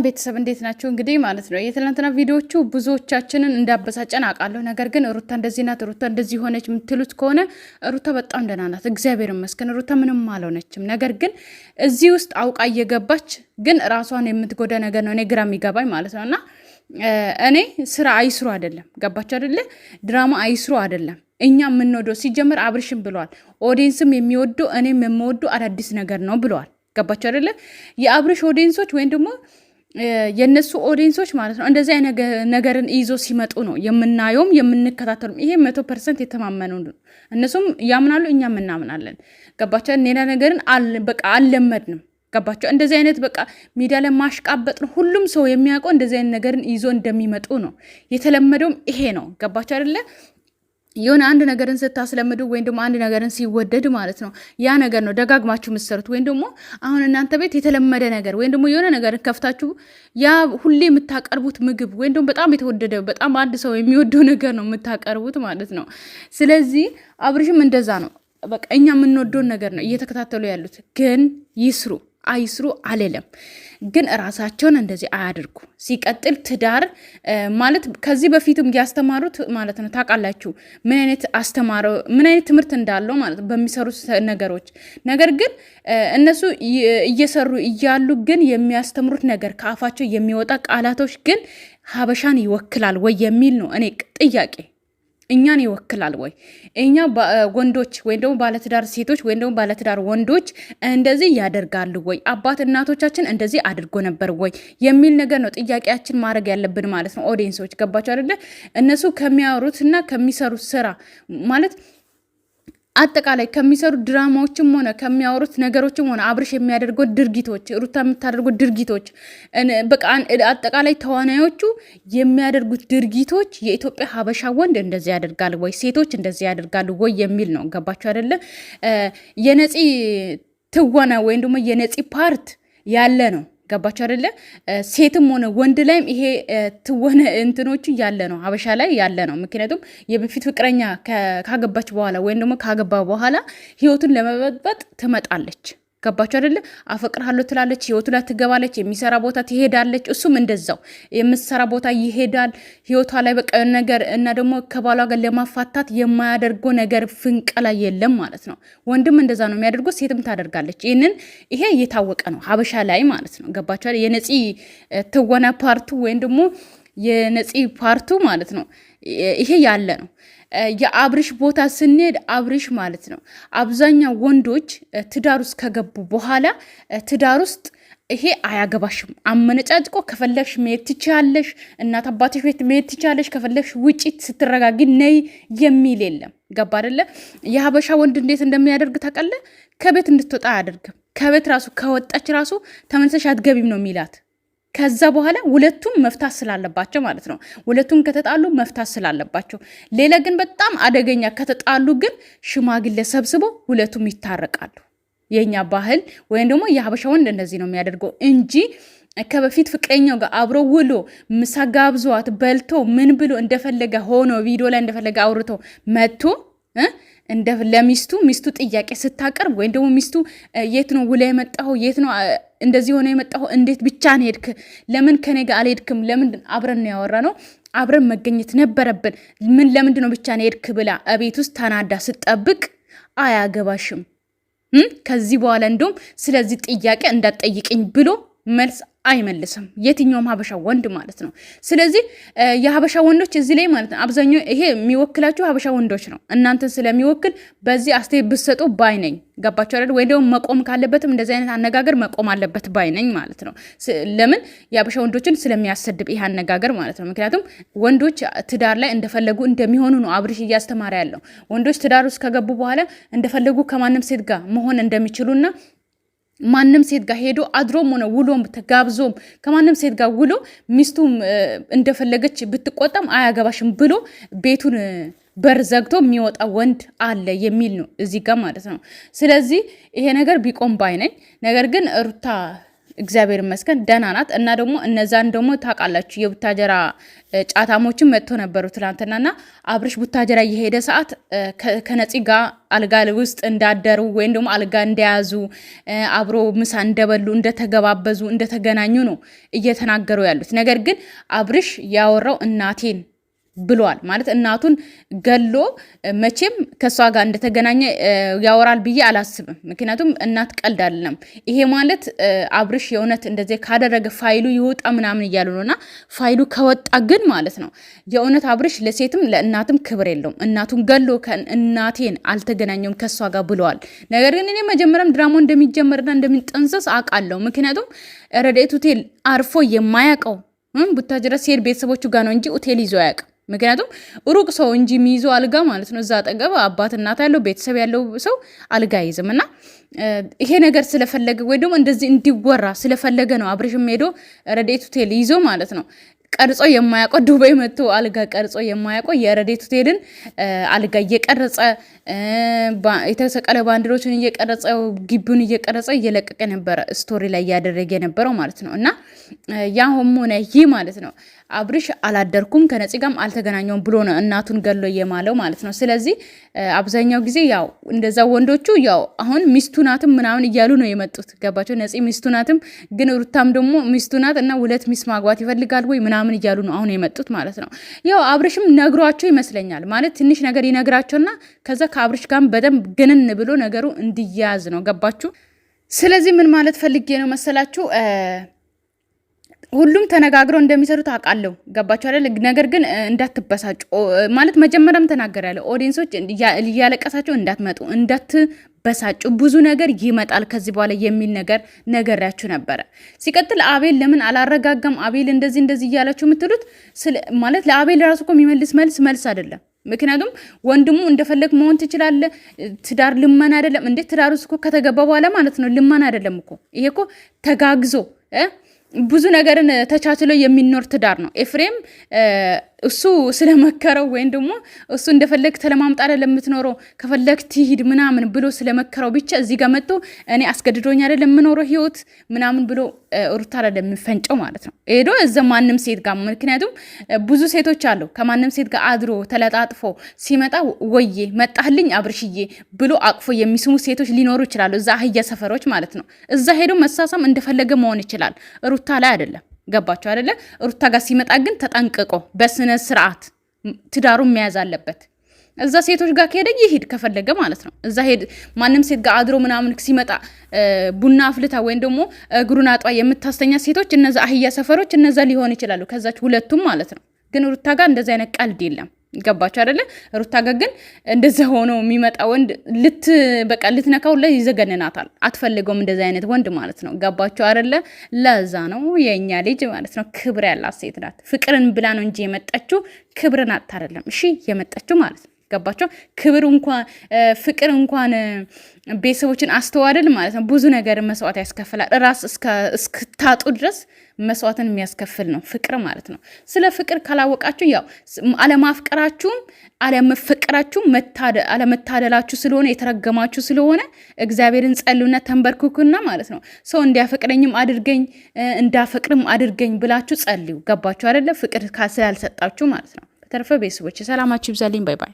ሰላም ቤተሰብ እንዴት ናቸው? እንግዲህ ማለት ነው የትናንትና ቪዲዮቹ ብዙዎቻችንን እንዳበሳጨን አውቃለሁ። ነገር ግን ሩታ እንደዚህ ናት፣ ሩታ እንደዚህ ሆነች የምትሉት ከሆነ ሩታ በጣም ደህና ናት፣ እግዚአብሔር ይመስገን። ሩታ ምንም አልሆነችም። ነገር ግን እዚህ ውስጥ አውቃ እየገባች ግን ራሷን የምትጎዳ ነገር ነው እኔ ግራ የሚገባኝ ማለት ነው። እና እኔ ስራ አይስሩ አይደለም ገባች አይደለ? ድራማ አይስሩ አይደለም እኛ የምንወደው ሲጀምር አብርሽም ብለዋል፣ ኦዲየንስም የሚወደው እኔም የምወደው አዳዲስ ነገር ነው ብለዋል። ገባቸው አይደለ? የአብርሽ ኦዲየንሶች ወይም ደግሞ የእነሱ ኦዲንሶች ማለት ነው እንደዚህ ነገርን ይዞ ሲመጡ ነው የምናየውም የምንከታተሉም። ይሄ መቶ ፐርሰንት የተማመኑ እነሱም ያምናሉ፣ እኛም እናምናለን። ገባቸው። ሌላ ነገርን በቃ አልለመድንም። ገባቸው። እንደዚህ አይነት በቃ ሚዲያ ላይ ማሽቃበጥ ነው። ሁሉም ሰው የሚያውቀው እንደዚህ አይነት ነገርን ይዞ እንደሚመጡ ነው። የተለመደውም ይሄ ነው። ገባቸው አይደለ? የሆነ አንድ ነገርን ስታስለምዱ ወይም ደግሞ አንድ ነገርን ሲወደድ ማለት ነው ያ ነገር ነው ደጋግማችሁ የምትሰሩት። ወይም ደግሞ አሁን እናንተ ቤት የተለመደ ነገር ወይም ደግሞ የሆነ ነገርን ከፍታችሁ ያ ሁሌ የምታቀርቡት ምግብ ወይም ደግሞ በጣም የተወደደ በጣም አንድ ሰው የሚወደው ነገር ነው የምታቀርቡት ማለት ነው። ስለዚህ አብርሽም እንደዛ ነው። በቃ እኛ የምንወደውን ነገር ነው እየተከታተሉ ያሉት፣ ግን ይስሩ አይስሩ አልልም፣ ግን እራሳቸውን እንደዚህ አያድርጉ። ሲቀጥል ትዳር ማለት ከዚህ በፊትም ያስተማሩት ማለት ነው። ታውቃላችሁ ምን አይነት ምን አይነት ትምህርት እንዳለው ማለት በሚሰሩት ነገሮች። ነገር ግን እነሱ እየሰሩ እያሉ ግን የሚያስተምሩት ነገር ከአፋቸው የሚወጣ ቃላቶች ግን ሀበሻን ይወክላል ወይ የሚል ነው እኔ ጥያቄ እኛን ይወክላል ወይ? እኛ ወንዶች ወይም ደግሞ ባለትዳር ሴቶች ወይም ደግሞ ባለትዳር ወንዶች እንደዚህ ያደርጋሉ ወይ? አባት እናቶቻችን እንደዚህ አድርጎ ነበር ወይ የሚል ነገር ነው ጥያቄያችን ማድረግ ያለብን ማለት ነው። ኦዲየንሶች ገባቸው አይደለ? እነሱ ከሚያወሩትና ከሚሰሩት ስራ ማለት አጠቃላይ ከሚሰሩ ድራማዎችም ሆነ ከሚያወሩት ነገሮችም ሆነ አብርሽ የሚያደርገው ድርጊቶች፣ ሩታ የምታደርገው ድርጊቶች፣ በቃ አጠቃላይ ተዋናዮቹ የሚያደርጉት ድርጊቶች የኢትዮጵያ ሀበሻ ወንድ እንደዚህ ያደርጋል ወይ ሴቶች እንደዚህ ያደርጋሉ ወይ የሚል ነው። ገባችሁ አይደለ? የነፂ ትወና ወይም ደግሞ የነፂ ፓርት ያለ ነው ገባችሁ አደለ? ሴትም ሆነ ወንድ ላይም ይሄ ትወነ እንትኖቹ ያለ ነው፣ ሀበሻ ላይ ያለ ነው። ምክንያቱም የበፊት ፍቅረኛ ካገባች በኋላ ወይም ደግሞ ካገባ በኋላ ህይወቱን ለመበጥበጥ ትመጣለች። ገባችሁ አይደለ? አፈቅርሃለሁ ትላለች፣ ህይወቱ ላይ ትገባለች፣ የሚሰራ ቦታ ትሄዳለች። እሱም እንደዛው የምትሰራ ቦታ ይሄዳል፣ ህይወቷ ላይ በቃ ነገር እና ደግሞ ከባሏ ጋር ለማፋታት የማያደርገው ነገር ፍንቀላ የለም ማለት ነው። ወንድም እንደዛ ነው የሚያደርገው፣ ሴትም ታደርጋለች። ይህንን ይሄ እየታወቀ ነው ሀበሻ ላይ ማለት ነው። ገባችሁ? የነፂ ትወና ፓርቱ ወይም ደግሞ የነፂ ፓርቱ ማለት ነው ይሄ ያለ ነው። የአብርሽ ቦታ ስንሄድ አብርሽ ማለት ነው አብዛኛው ወንዶች ትዳር ውስጥ ከገቡ በኋላ ትዳር ውስጥ ይሄ አያገባሽም፣ አመነጫጭቆ ከፈለግሽ መሄድ ትችያለሽ፣ እናት አባትሽ ቤት መሄድ ትችያለሽ፣ ከፈለግሽ ውጪ ስትረጋጊ ነይ የሚል የለም። ገባ አደለ? የሀበሻ ወንድ እንዴት እንደሚያደርግ ታውቃለህ? ከቤት እንድትወጣ አያደርግም። ከቤት ራሱ ከወጣች ራሱ ተመልሰሽ አትገቢም ነው የሚላት ከዛ በኋላ ሁለቱም መፍታት ስላለባቸው ማለት ነው። ሁለቱም ከተጣሉ መፍታት ስላለባቸው። ሌላ ግን በጣም አደገኛ ከተጣሉ ግን ሽማግሌ ሰብስቦ ሁለቱም ይታረቃሉ። የኛ ባህል ወይም ደግሞ የሀበሻ ወንድ እንደዚህ ነው የሚያደርገው እንጂ ከበፊት ፍቅረኛው ጋር አብሮ ውሎ ምሳ ጋብዟት በልቶ ምን ብሎ እንደፈለገ ሆኖ ቪዲዮ ላይ እንደፈለገ አውርቶ መጥቶ እንደ ለሚስቱ ሚስቱ ጥያቄ ስታቀርብ ወይም ደግሞ ሚስቱ የት ነው ውለ የመጣው የት ነው እንደዚህ ሆነ የመጣው እንዴት ብቻህን ሄድክ? ለምን ከኔ ጋር አልሄድክም? ለምን አብረን ነው ያወራ ነው አብረን መገኘት ነበረብን። ምን ለምንድን ነው ብቻህን ሄድክ? ብላ እቤት ውስጥ ተናዳ ስጠብቅ አያገባሽም ከዚህ በኋላ እንደውም ስለዚህ ጥያቄ እንዳትጠይቅኝ ብሎ መልስ አይመልስም የትኛውም ሀበሻ ወንድ ማለት ነው። ስለዚህ የሀበሻ ወንዶች እዚህ ላይ ማለት ነው አብዛኛው ይሄ የሚወክላቸው ሀበሻ ወንዶች ነው። እናንተን ስለሚወክል በዚህ አስተያየት ብትሰጡ ባይ ነኝ። ገባቸው አይደል? ወይ ደግሞ መቆም ካለበትም እንደዚህ አይነት አነጋገር መቆም አለበት ባይ ነኝ ማለት ነው። ለምን የሀበሻ ወንዶችን ስለሚያሰድብ ይሄ አነጋገር ማለት ነው። ምክንያቱም ወንዶች ትዳር ላይ እንደፈለጉ እንደሚሆኑ ነው አብርሽ እያስተማረ ያለው። ወንዶች ትዳር ውስጥ ከገቡ በኋላ እንደፈለጉ ከማንም ሴት ጋር መሆን እንደሚችሉና ማንም ሴት ጋር ሄዶ አድሮም ሆነ ውሎም ተጋብዞም ከማንም ሴት ጋር ውሎ ሚስቱም እንደፈለገች ብትቆጣም አያገባሽም ብሎ ቤቱን በር ዘግቶ የሚወጣ ወንድ አለ የሚል ነው እዚህ ጋር ማለት ነው። ስለዚህ ይሄ ነገር ቢቆም ባይ ነኝ። ነገር ግን ሩታ እግዚአብሔር ይመስገን ደህና ናት። እና ደግሞ እነዛን ደግሞ ታውቃላችሁ የቡታጀራ ጫታሞችን መጥቶ ነበሩ ና አብርሽ ቡታጀራ እየሄደ ሰዓት ከነፂ ጋር አልጋ ውስጥ እንዳደሩ ወይም ደግሞ አልጋ እንደያዙ አብሮ ምሳ እንደበሉ እንደተገባበዙ እንደተገናኙ ነው እየተናገሩ ያሉት። ነገር ግን አብርሽ ያወራው እናቴን ብሏል ማለት እናቱን ገሎ መቼም ከእሷ ጋር እንደተገናኘ ያወራል ብዬ አላስብም። ምክንያቱም እናት ቀልድ አይደለም። ይሄ ማለት አብርሽ የእውነት እንደዚህ ካደረገ ፋይሉ ይወጣ ምናምን እያሉ ነው። እና ፋይሉ ከወጣ ግን ማለት ነው የእውነት አብርሽ ለሴትም ለእናትም ክብር የለውም። እናቱን ገሎ እናቴን አልተገናኘውም ከእሷ ጋር ብለዋል። ነገር ግን እኔ መጀመሪያም ድራማው እንደሚጀመርና እንደሚጠንሰስ አውቃለሁ። ምክንያቱም ረድኤት ሆቴል አርፎ የማያውቀው ቡታጅራ ሲሄድ ቤተሰቦቹ ጋር ነው እንጂ ሆቴል ይዞ አያውቅም። ምክንያቱም ሩቅ ሰው እንጂ የሚይዘው አልጋ ማለት ነው። እዛ አጠገብ አባት እናት ያለው ቤተሰብ ያለው ሰው አልጋ አይዝም። እና ይሄ ነገር ስለፈለገ ወይ ደግሞ እንደዚህ እንዲወራ ስለፈለገ ነው አብርሽም ሄዶ ረድኤት ሆቴል ይዞ ማለት ነው ቀርጾ የማያውቀው ዱባይ መጥቶ አልጋ ቀርጾ የማያውቀው የረዴት ሆቴልን አልጋ እየቀረጸ የተሰቀለ ባንዲሮችን እየቀረጸ ግቢውን እየቀረጸ እየለቀቀ ነበረ ስቶሪ ላይ እያደረገ የነበረው ማለት ነው። እና ያ ሆነ ይህ ማለት ነው አብርሽ አላደርኩም ከነፂ ጋርም አልተገናኘውም ብሎ ነው እናቱን ገሎ የማለው ማለት ነው። ስለዚህ አብዛኛው ጊዜ ያው እንደዛ ወንዶቹ ያው አሁን ሚስቱናትም ምናምን እያሉ ነው የመጡት ገባቸው። ነፂ ሚስቱናትም ግን ሩታም ደግሞ ሚስቱናት እና ሁለት ሚስት ማግባት ይፈልጋል ወይ ምናምን ምናምን እያሉ ነው አሁን የመጡት ማለት ነው። ያው አብርሽም ነግሯቸው ይመስለኛል ማለት ትንሽ ነገር ይነግራቸውና ከዛ ከአብርሽ ጋር በደንብ ግንን ብሎ ነገሩ እንዲያያዝ ነው። ገባችሁ? ስለዚህ ምን ማለት ፈልጌ ነው መሰላችሁ ሁሉም ተነጋግረው እንደሚሰሩት አውቃለሁ። ገባችሁ አይደል? ነገር ግን እንዳትበሳጩ ማለት መጀመሪያም ተናገር ያለ ኦዲየንሶች እያለቀሳቸው እንዳትመጡ እንዳትበሳጩ፣ ብዙ ነገር ይመጣል ከዚህ በኋላ የሚል ነገር ነገሪያችሁ ነበረ። ሲቀጥል አቤል ለምን አላረጋጋም? አቤል እንደዚህ እንደዚህ እያላችሁ የምትሉት ማለት ለአቤል ራሱ እኮ የሚመልስ መልስ መልስ አይደለም። ምክንያቱም ወንድሙ እንደፈለግ መሆን ትችላለ። ትዳር ልመን አይደለም እንዴት ትዳር ውስጥ እኮ ከተገባ በኋላ ማለት ነው ልመን አይደለም እኮ ይሄ እኮ ተጋግዞ ብዙ ነገርን ተቻችሎ የሚኖር ትዳር ነው ኤፍሬም እሱ ስለመከረው ወይም ደግሞ እሱ እንደፈለግ ተለማምጣ አይደለም ከፈለግ ትሂድ ምናምን ብሎ ስለመከረው ብቻ እዚህ ጋር መጥቶ እኔ አስገድዶኝ አይደለም የምኖረው ህይወት ምናምን ብሎ ሩታ አይደለም የምፈንጨው ማለት ነው። ሄዶ እዛ ማንም ሴት ጋር ምክንያቱም ብዙ ሴቶች አሉ። ከማንም ሴት ጋር አድሮ ተለጣጥፎ ሲመጣ ወዬ መጣልኝ አብርሽዬ ብሎ አቅፎ የሚስሙ ሴቶች ሊኖሩ ይችላሉ። እዛ አህያ ሰፈሮች ማለት ነው። እዛ ሄዶ መሳሳም እንደፈለገ መሆን ይችላል። ሩታ ላይ አይደለም። ገባቸው አደለ? ሩታ ጋር ሲመጣ ግን ተጠንቅቆ በስነ ስርዓት ትዳሩን መያዝ አለበት። እዛ ሴቶች ጋር ከሄደ ይሄድ ከፈለገ ማለት ነው። እዛ ሄድ ማንም ሴት ጋር አድሮ ምናምን ሲመጣ ቡና አፍልታ ወይም ደግሞ እግሩን አጧ የምታስተኛ ሴቶች እነዛ አህያ ሰፈሮች እነዛ ሊሆን ይችላሉ፣ ከዛች ሁለቱም ማለት ነው። ግን ሩታ ጋር እንደዚ አይነት ቀልድ የለም። ገባቸው አደለ? ሩታ ጋር ግን እንደዚ ሆኖ የሚመጣ ወንድ ልት በቃ ልትነካው ላይ ይዘገንናታል። አትፈልገውም እንደዚ አይነት ወንድ ማለት ነው። ገባቸው አደለ? ለዛ ነው የእኛ ልጅ ማለት ነው ክብር ያላት ሴት ናት። ፍቅርን ብላ ነው እንጂ የመጣችው ክብርን አታደለም። እሺ የመጣችው ማለት ነው ገባቸው። ክብር እንኳን ፍቅር እንኳን ቤተሰቦችን አስተዋደል ማለት ነው ብዙ ነገር መስዋዕት ያስከፍላል። ራስ እስክታጡ ድረስ መስዋዕትን የሚያስከፍል ነው ፍቅር ማለት ነው። ስለ ፍቅር ካላወቃችሁ ያው አለማፍቀራችሁም አለመፈቀራችሁም አለመታደላችሁ ስለሆነ የተረገማችሁ ስለሆነ እግዚአብሔርን ጸልዩና ተንበርክኩና ማለት ነው። ሰው እንዲያፈቅረኝም አድርገኝ እንዳፈቅርም አድርገኝ ብላችሁ ጸልዩ። ገባችሁ አይደለ? ፍቅር ስላልሰጣችሁ ማለት ነው። በተረፈ ቤተሰቦች ሰላማችሁ ይብዛልኝ። ባይ ባይ።